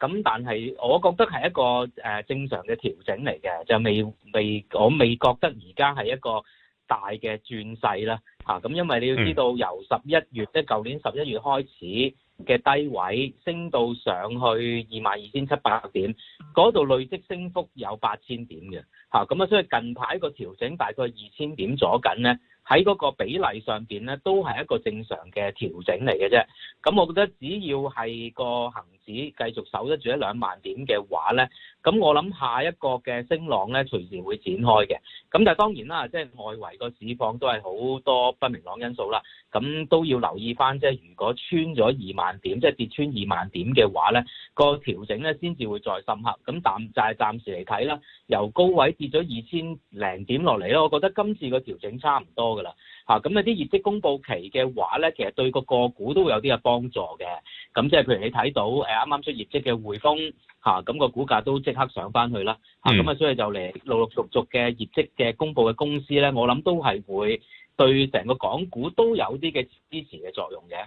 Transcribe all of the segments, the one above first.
咁但係，我覺得係一個、呃、正常嘅調整嚟嘅，就未未我未覺得而家係一個大嘅轉勢啦嚇。咁、啊、因為你要知道由十一月，由十一月即係舊年十一月開始嘅低位，升到上去二萬二千七百點，嗰度累積升幅有八千點嘅嚇。咁啊、嗯，所以近排個調整大概二千點左緊咧。喺嗰個比例上邊咧，都係一個正常嘅調整嚟嘅啫。咁我覺得只要係個恆指繼續守得住一兩萬點嘅話咧，咁我諗下一個嘅升浪咧隨時會展開嘅。咁但係當然啦，即係外圍個市況都係好多不明朗因素啦。咁都要留意翻，即係如果穿咗二萬點，即係跌穿二萬點嘅話咧，個調整咧先至會再深刻。咁但就係暫時嚟睇啦，由高位跌咗二千零點落嚟，我覺得今次個調整差唔多噶啦。嚇，咁有啲業績公佈期嘅話咧，其實對個個股都會有啲嘅幫助嘅。咁即係譬如你睇到啱啱出業績嘅匯豐嚇，咁個股價都即刻上翻去啦。嚇、嗯，咁啊，所以就嚟陸陸續續嘅業績嘅公佈嘅公司咧，我諗都係會。對成個港股都有啲嘅支持嘅作用嘅。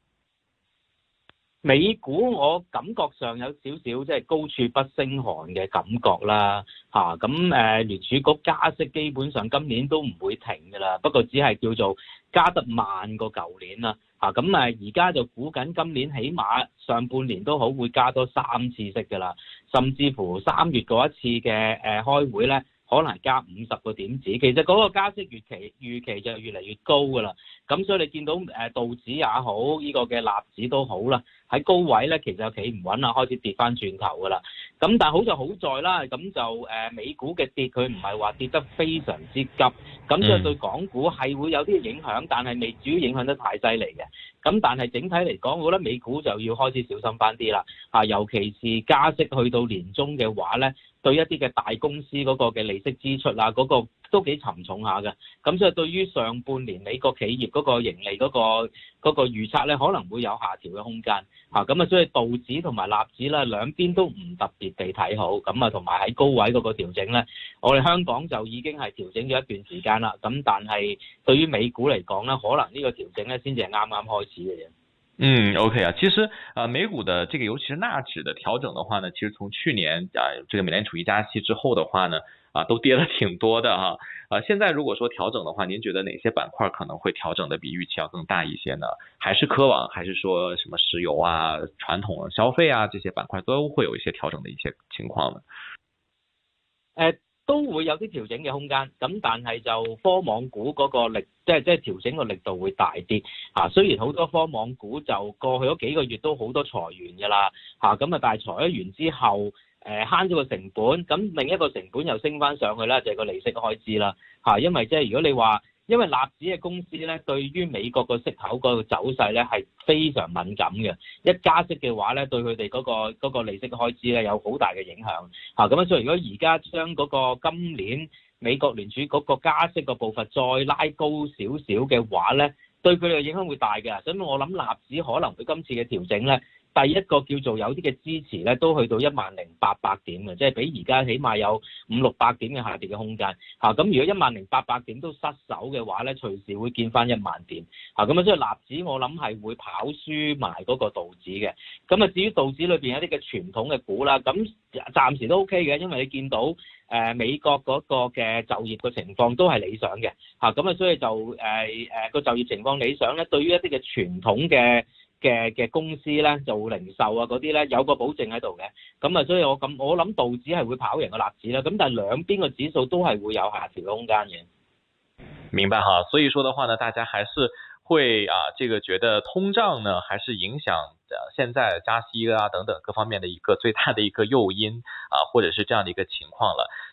美股我感覺上有少少即係高處不勝寒嘅感覺啦，嚇咁誒聯儲局加息基本上今年都唔會停噶啦，不過只係叫做加得慢過舊年啦，嚇咁誒而家就估緊今年起碼上半年都好會加多三次息噶啦，甚至乎三月嗰一次嘅誒、啊、開會咧。可能加五十個點子，其實嗰個加息預期預期就越嚟越高㗎啦。咁所以你見到誒道指也好，呢個嘅納指都好啦，喺高位咧，其實企唔穩啊，開始跌翻轉頭㗎啦。咁但好就好在啦，咁就誒美股嘅跌佢唔係話跌得非常之急，咁即係對港股係會有啲影響，但係未主要影響得太犀利嘅。咁但係整體嚟講，我覺得美股就要開始小心翻啲啦，啊，尤其是加息去到年中嘅話咧，對一啲嘅大公司嗰個嘅利息支出啊，嗰個，都幾沉重下嘅，咁所以對於上半年美國企業嗰個盈利嗰、嗰個嗰、嗰個預測咧，可能會有下調嘅空間嚇，咁啊，所以道指同埋納指啦，兩邊都唔特別地睇好，咁啊，同埋喺高位嗰個調整咧，我哋香港就已經係調整咗一段時間啦，咁但係對於美股嚟講咧，可能呢個調呢個調整咧先至係啱啱開始嘅啫。嗯，OK 啊，其實啊，美股嘅，這個尤其是納指嘅調整的話呢，其實從去年啊，這個、美聯儲一加息之後的話呢。啊，都跌了挺多的哈，啊，現在如果說調整的話，您覺得哪些板塊可能會調整的比預期要更大一些呢？還是科網，還是說什麼石油啊、傳統、啊、消費啊這些板塊都會有一些調整的一些情況呢？呃、都會有啲調整嘅空間，咁但係就科網股嗰個力，即係即係調整嘅力度會大啲，啊，雖然好多科網股就過去咗幾個月都好多裁員噶啦，吓，咁啊，但係裁員之後。誒慳咗個成本，咁另一個成本又升翻上去啦，就係個利息嘅開支啦，嚇！因為即係如果你話，因為納指嘅公司咧，對於美國個息口個走勢咧係非常敏感嘅，一加息嘅話咧，對佢哋嗰個嗰個利息嘅開支咧有好大嘅影響，嚇！咁所以如果而家將嗰個今年美國聯儲嗰個加息嘅步伐再拉高少少嘅話咧，對佢哋嘅影響會大嘅，所以我諗納指可能會今次嘅調整咧。第一個叫做有啲嘅支持咧，都去到一萬零八百點嘅，即係比而家起碼有五六百點嘅下跌嘅空間。咁如果一萬零八百點都失守嘅話咧，隨時會見翻一萬點。咁啊，所以納指我諗係會跑輸埋嗰個道指嘅。咁啊，至於道指裏面有啲嘅傳統嘅股啦，咁暫時都 OK 嘅，因為你見到誒、呃、美國嗰個嘅就業嘅情況都係理想嘅。咁啊，所以就誒誒個就業情況理想咧，對於一啲嘅傳統嘅。嘅嘅公司咧做零售啊嗰啲咧，有個保證喺度嘅，咁啊，所以我咁我諗道指係會跑贏個納指啦，咁但係兩邊嘅指數都係會有下調空間嘅，明白哈，所以說的話呢，大家還是會啊，這個覺得通脹呢，還是影響現在加息啊等等各方面的一個最大的一個誘因啊，或者是這樣的一個情況啦。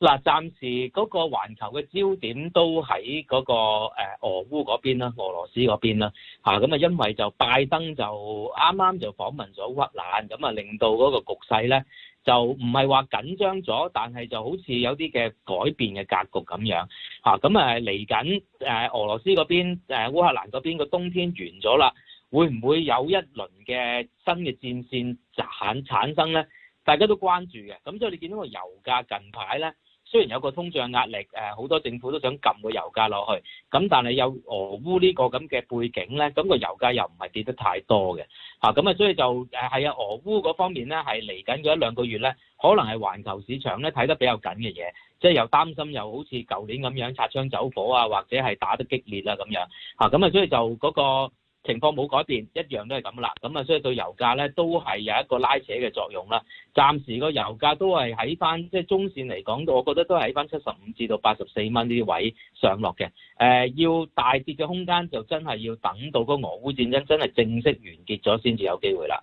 嗱，暫時嗰個環球嘅焦點都喺嗰個俄烏嗰邊啦，俄羅斯嗰邊啦，嚇咁啊，因為就拜登就啱啱就訪問咗烏克蘭，咁啊令到嗰個局勢咧就唔係話緊張咗，但係就好似有啲嘅改變嘅格局咁樣，嚇咁啊，嚟緊誒俄羅斯嗰邊誒烏克蘭嗰邊個冬天完咗啦，會唔會有一輪嘅新嘅戰線產產生咧？大家都關注嘅，咁所以你見到個油價近排咧～雖然有個通脹壓力，誒好多政府都想撳個油價落去，咁但係有俄烏呢個咁嘅背景咧，咁個油價又唔係跌得太多嘅，嚇咁啊，所以就誒係啊，俄烏嗰方面咧係嚟緊嗰一兩個月咧，可能係環球市場咧睇得比較緊嘅嘢，即係又擔心又好似舊年咁樣擦槍走火啊，或者係打得激烈啦咁樣，嚇、啊、咁啊，所以就嗰、那個。情況冇改變，一樣都係咁啦。咁啊，所以對油價咧都係有一個拉扯嘅作用啦。暫時個油價都係喺翻，即係中線嚟講，我覺得都係喺翻七十五至到八十四蚊呢啲位上落嘅。誒、呃，要大跌嘅空間就真係要等到嗰俄烏戰爭真係正式完結咗先至有機會啦。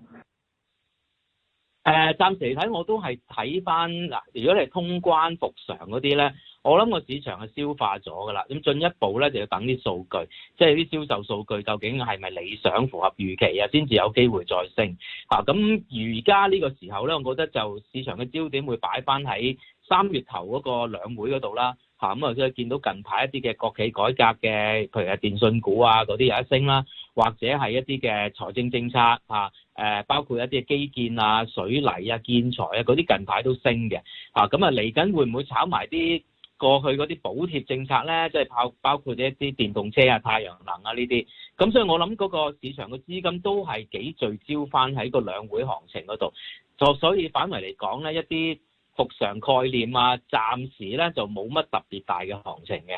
誒、呃、暫時嚟睇，我都係睇翻嗱，如果你係通關復常嗰啲咧，我諗個市場係消化咗㗎啦。咁進一步咧就要等啲數據，即係啲銷售數據究竟係咪理想符合預期啊，先至有機會再升嚇。咁而家呢個時候咧，我覺得就市場嘅焦點會擺翻喺三月頭嗰個兩會嗰度啦嚇。咁即再見到近排一啲嘅國企改革嘅，譬如係電信股啊嗰啲有一升啦。或者係一啲嘅財政政策嚇，誒包括一啲基建啊、水泥啊、建材啊嗰啲近排都升嘅，啊咁啊嚟緊會唔會炒埋啲過去嗰啲補貼政策咧？即係包包括一啲電動車啊、太陽能啊呢啲，咁所以我諗嗰個市場嘅資金都係幾聚焦翻喺個兩會行情嗰度，就所以反為嚟講咧，一啲復常概念啊，暫時咧就冇乜特別大嘅行情嘅。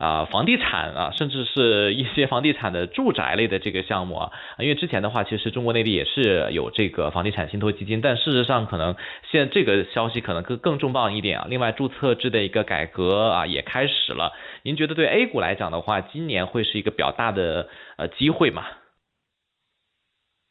啊，房地產啊，甚至是一些房地產的住宅類的這個項目啊，因為之前的話，其實中國內地也是有這個房地產信託基金，但事實上可能現在這個消息可能更更重磅一點啊。另外，註冊制的一個改革啊也開始了。您覺得對 A 股來講的話，今年會是一個比較大的呃機會嗎？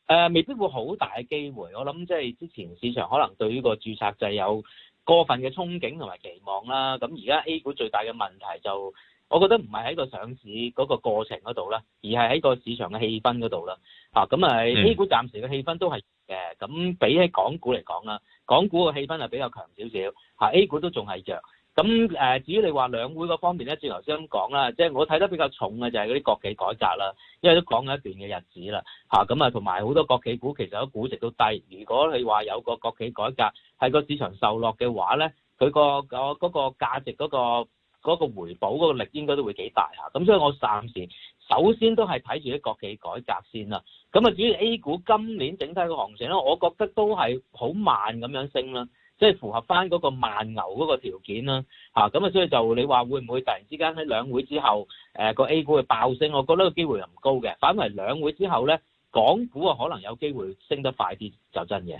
呃，未必會好大嘅機會。我諗即係之前市場可能對呢個註冊制有過分嘅憧憬同埋期望啦。咁而家 A 股最大嘅問題就。我覺得唔係喺個上市嗰個過程嗰度啦，而係喺個市場嘅氣氛嗰度啦。嚇咁啊，A 股暫時嘅氣氛都係弱嘅。咁比起港股嚟講啦，港股嘅氣氛係比較強少少。嚇 A 股都仲係弱。咁誒，至於你話兩會嗰方面咧，照頭先咁講啦，即係我睇得比較重嘅就係嗰啲國企改革啦，因為都講咗一段嘅日子啦。嚇咁啊，同埋好多國企股其實個估值都低。如果你話有個國企改革係個市場受落嘅話咧，佢個個嗰個價值嗰個。嗰、那個回報嗰個力應該都會幾大嚇，咁所以我暫時首先都係睇住啲國企改革先啦。咁啊，至於 A 股今年整體個行情咧，我覺得都係好慢咁樣升啦，即係符合翻嗰個慢牛嗰個條件啦。咁啊，所以就你話會唔會突然之間喺兩會之後，誒個 A 股嘅爆升，我覺得個機會唔高嘅。反為兩會之後咧，港股啊可能有機會升得快啲就真嘅。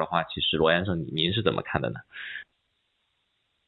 其實羅先生，你您是怎麼看的呢？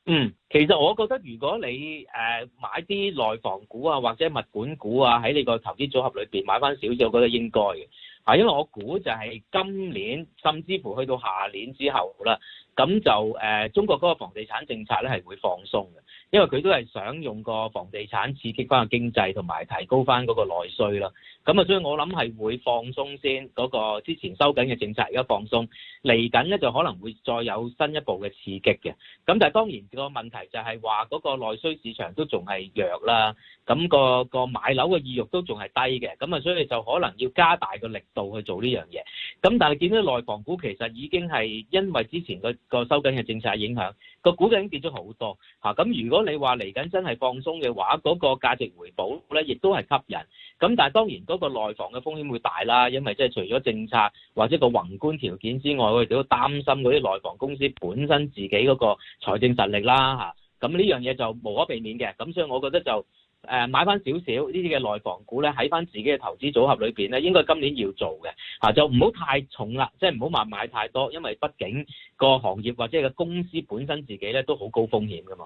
嗯，其實我覺得如果你誒、呃、買啲內房股啊或者物管股啊喺你個投資組合裏邊買翻少少，我覺得應該嘅。啊，因為我估就係今年甚至乎去到下年之後啦，咁就誒、呃、中國嗰個房地產政策咧係會放鬆嘅。因為佢都係想用個房地產刺激返個經濟，同埋提高返嗰個內需啦。咁啊，所以我諗係會放鬆先嗰個之前收緊嘅政策，而家放鬆嚟緊咧就可能會再有新一步嘅刺激嘅。咁但係當然個問題就係話嗰個內需市場都仲係弱啦，咁個個買樓嘅意欲都仲係低嘅。咁啊，所以就可能要加大個力度去做呢樣嘢。咁但係見到內房股其實已經係因為之前個個收緊嘅政策影響，個股價已經跌咗好多吓。咁如果你話嚟緊真係放鬆嘅話，嗰、那個價值回報咧，亦都係吸引咁。但係當然嗰個內房嘅風險會大啦，因為即係除咗政策或者個宏觀條件之外，我哋都擔心嗰啲內房公司本身自己嗰個財政實力啦嚇。咁、啊、呢樣嘢就無可避免嘅。咁所以我覺得就誒、呃、買翻少少呢啲嘅內房股咧，喺翻自己嘅投資組合裏邊咧，應該今年要做嘅嚇、啊，就唔好太重啦，即係唔好話買太多，因為畢竟個行業或者個公司本身自己咧都好高風險㗎嘛。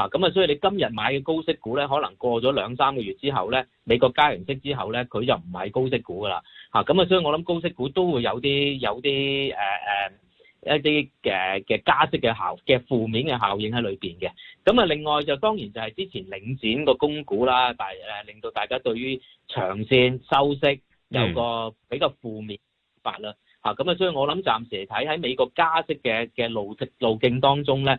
啊，咁啊，所以你今日買嘅高息股咧，可能過咗兩三個月之後咧，美國加完息之後咧，佢就唔係高息股噶啦。嚇，咁啊，所以我諗高息股都會有啲有啲誒誒一啲嘅嘅加息嘅效嘅負面嘅效應喺裏邊嘅。咁啊，另外就當然就係之前領展個供股啦，但係誒令到大家對於長線收息有個比較負面法啦。嚇，咁啊，所以我諗暫時嚟睇喺美國加息嘅嘅路途路徑當中咧。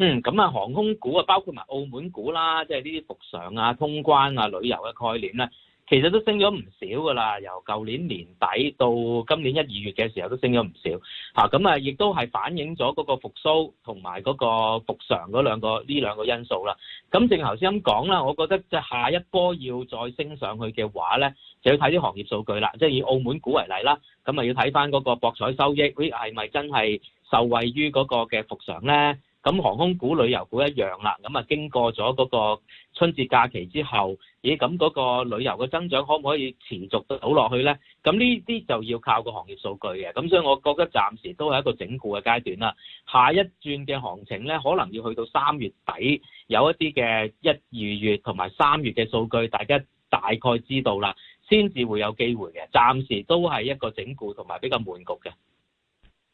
嗯，咁啊，航空股啊，包括埋澳門股啦，即係呢啲復常啊、通關啊、旅遊嘅概念咧，其實都升咗唔少㗎啦。由舊年年底到今年一二月嘅時候，都升咗唔少嚇。咁啊，亦都係反映咗嗰個復甦同埋嗰個復常嗰兩個呢兩個因素啦。咁正頭先咁講啦，我覺得即係下一波要再升上去嘅話咧，就要睇啲行業數據啦。即係以澳門股為例啦，咁啊要睇翻嗰個博彩收益，咦係咪真係受惠於嗰個嘅復常咧？咁航空股、旅遊股一樣啦，咁啊經過咗嗰個春節假期之後，咦咁嗰個旅遊嘅增長可唔可以持續到落去咧？咁呢啲就要靠個行業數據嘅，咁所以我覺得暫時都係一個整固嘅階段啦。下一轉嘅行情咧，可能要去到三月底，有一啲嘅一二月同埋三月嘅數據，大家大概知道啦，先至會有機會嘅。暫時都係一個整固同埋比較悶局嘅。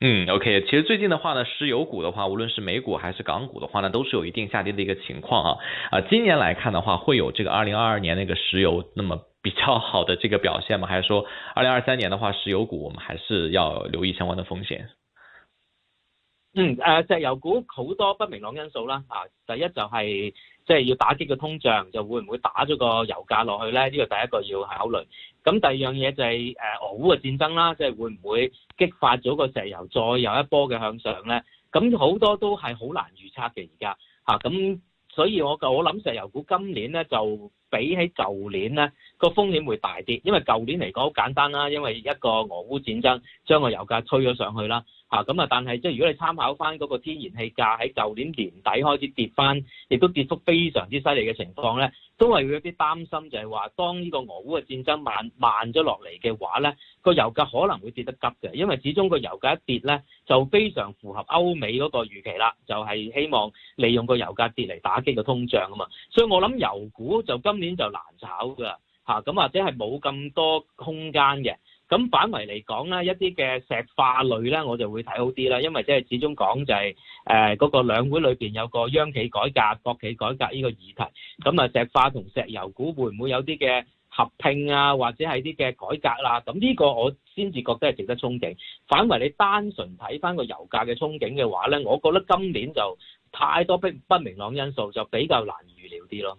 嗯，OK，其實最近的話呢，石油股的話，無論是美股還是港股的話呢，都是有一定下跌的一個情況啊。啊、呃，今年來看的話，會有這個二零二二年那個石油那麼比較好的這個表現嗎？還是說二零二三年的話，石油股我們還是要留意相關的風險？嗯，誒、呃，石、就是、油股好多不明朗因素啦。第一就係即係要打擊個通脹，就會唔會打咗個油價落去咧？呢、這個第一個要考慮。咁第二樣嘢就係誒俄烏嘅戰爭啦，即係會唔會激發咗個石油再有一波嘅向上咧？咁好多都係好難預測嘅而家吓，咁所以我就我諗石油股今年咧就比起舊年咧個風險會大啲，因為舊年嚟講好簡單啦，因為一個俄烏戰爭將個油價推咗上去啦。啊，咁啊，但係即係如果你參考翻嗰個天然氣價喺舊年年底開始跌翻，亦都跌幅非常之犀利嘅情況咧，都係會有啲擔心，就係話當呢個俄烏嘅戰爭慢慢咗落嚟嘅話咧，個油價可能會跌得急嘅，因為始終個油價一跌咧，就非常符合歐美嗰個預期啦，就係希望利用個油價跌嚟打擊個通脹啊嘛，所以我諗油股就今年就難炒㗎，嚇，咁或者係冇咁多空間嘅。咁反為嚟講咧，一啲嘅石化類咧，我就會睇好啲啦，因為即係始終講就係誒嗰個兩會裏邊有個央企改革、國企改革呢個議題，咁啊石化同石油股會唔會有啲嘅合併啊，或者係啲嘅改革啦、啊？咁呢個我先至覺得係值得憧憬。反為你單純睇返個油價嘅憧憬嘅話咧，我覺得今年就太多不不明朗因素，就比較難預料啲咯。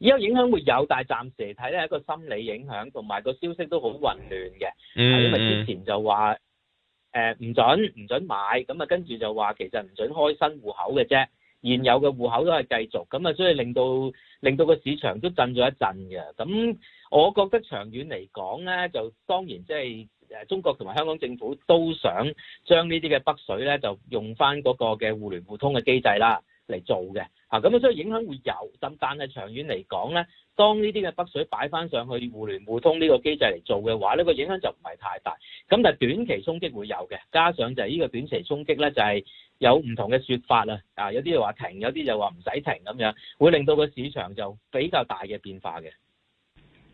依家影響會有，但係暫時嚟睇咧係一個心理影響，同埋個消息都好混亂嘅。係因為之前就話誒唔準唔準買，咁啊跟住就話其實唔準開新戶口嘅啫，現有嘅戶口都係繼續，咁啊所以令到令到個市場都震咗一震嘅。咁我覺得長遠嚟講咧，就當然即係誒中國同埋香港政府都想將呢啲嘅北水咧，就用翻嗰個嘅互聯互通嘅機制啦。嚟做嘅，咁啊，所以影響會有，咁但係長遠嚟講咧，當呢啲嘅北水擺翻上去互聯互通呢個機制嚟做嘅話，呢個影響就唔係太大。咁但係短期衝擊會有嘅，加上就係呢個短期衝擊咧，就係有唔同嘅說法啦。啊，有啲就話停，有啲就話唔使停咁樣，會令到個市場就比較大嘅變化嘅。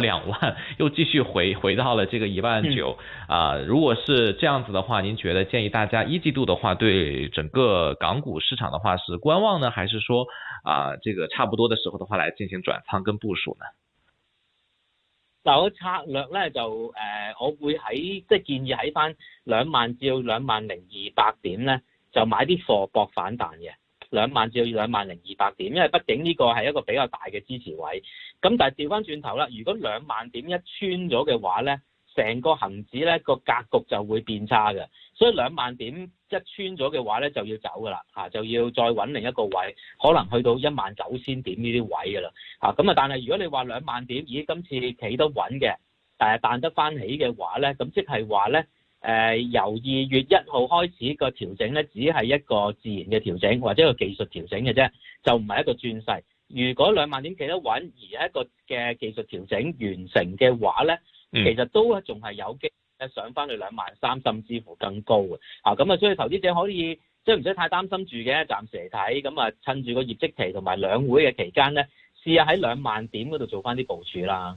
兩萬又繼續回回到了這個一萬九啊、嗯呃，如果是這樣子的話，您覺得建議大家一季度的話，對整個港股市場的話是觀望呢，還是說啊、呃、這個差不多的時候的話來進行轉倉跟部署呢？但我策略呢，就誒、呃，我會喺即是建議喺翻兩萬至兩萬零二百點呢，就買啲貨搏反彈嘅。兩萬至到兩萬零二百點，因為畢竟呢個係一個比較大嘅支持位。咁但係調翻轉頭啦，如果兩萬點一穿咗嘅話咧，成個恆指咧個格局就會變差嘅。所以兩萬點一穿咗嘅話咧，就要走㗎啦，嚇就要再揾另一個位，可能去到一萬九千點呢啲位㗎啦，嚇咁啊！但係如果你話兩萬點，咦今次企得穩嘅，但係彈得翻起嘅話咧，咁即係話咧。誒、呃，由二月一號開始個調整咧，只係一個自然嘅調整或者個技術調整嘅啫，就唔係一個轉勢。如果兩萬點企得穩而一個嘅技術調整完成嘅話咧，嗯，其實都仲係有機會上翻去兩萬三甚至乎更高嘅。啊，咁啊，所以投資者可以即係唔使太擔心住嘅，暫時嚟睇，咁啊，趁住個業績期同埋兩會嘅期間咧，試下喺兩萬點嗰度做翻啲部署啦。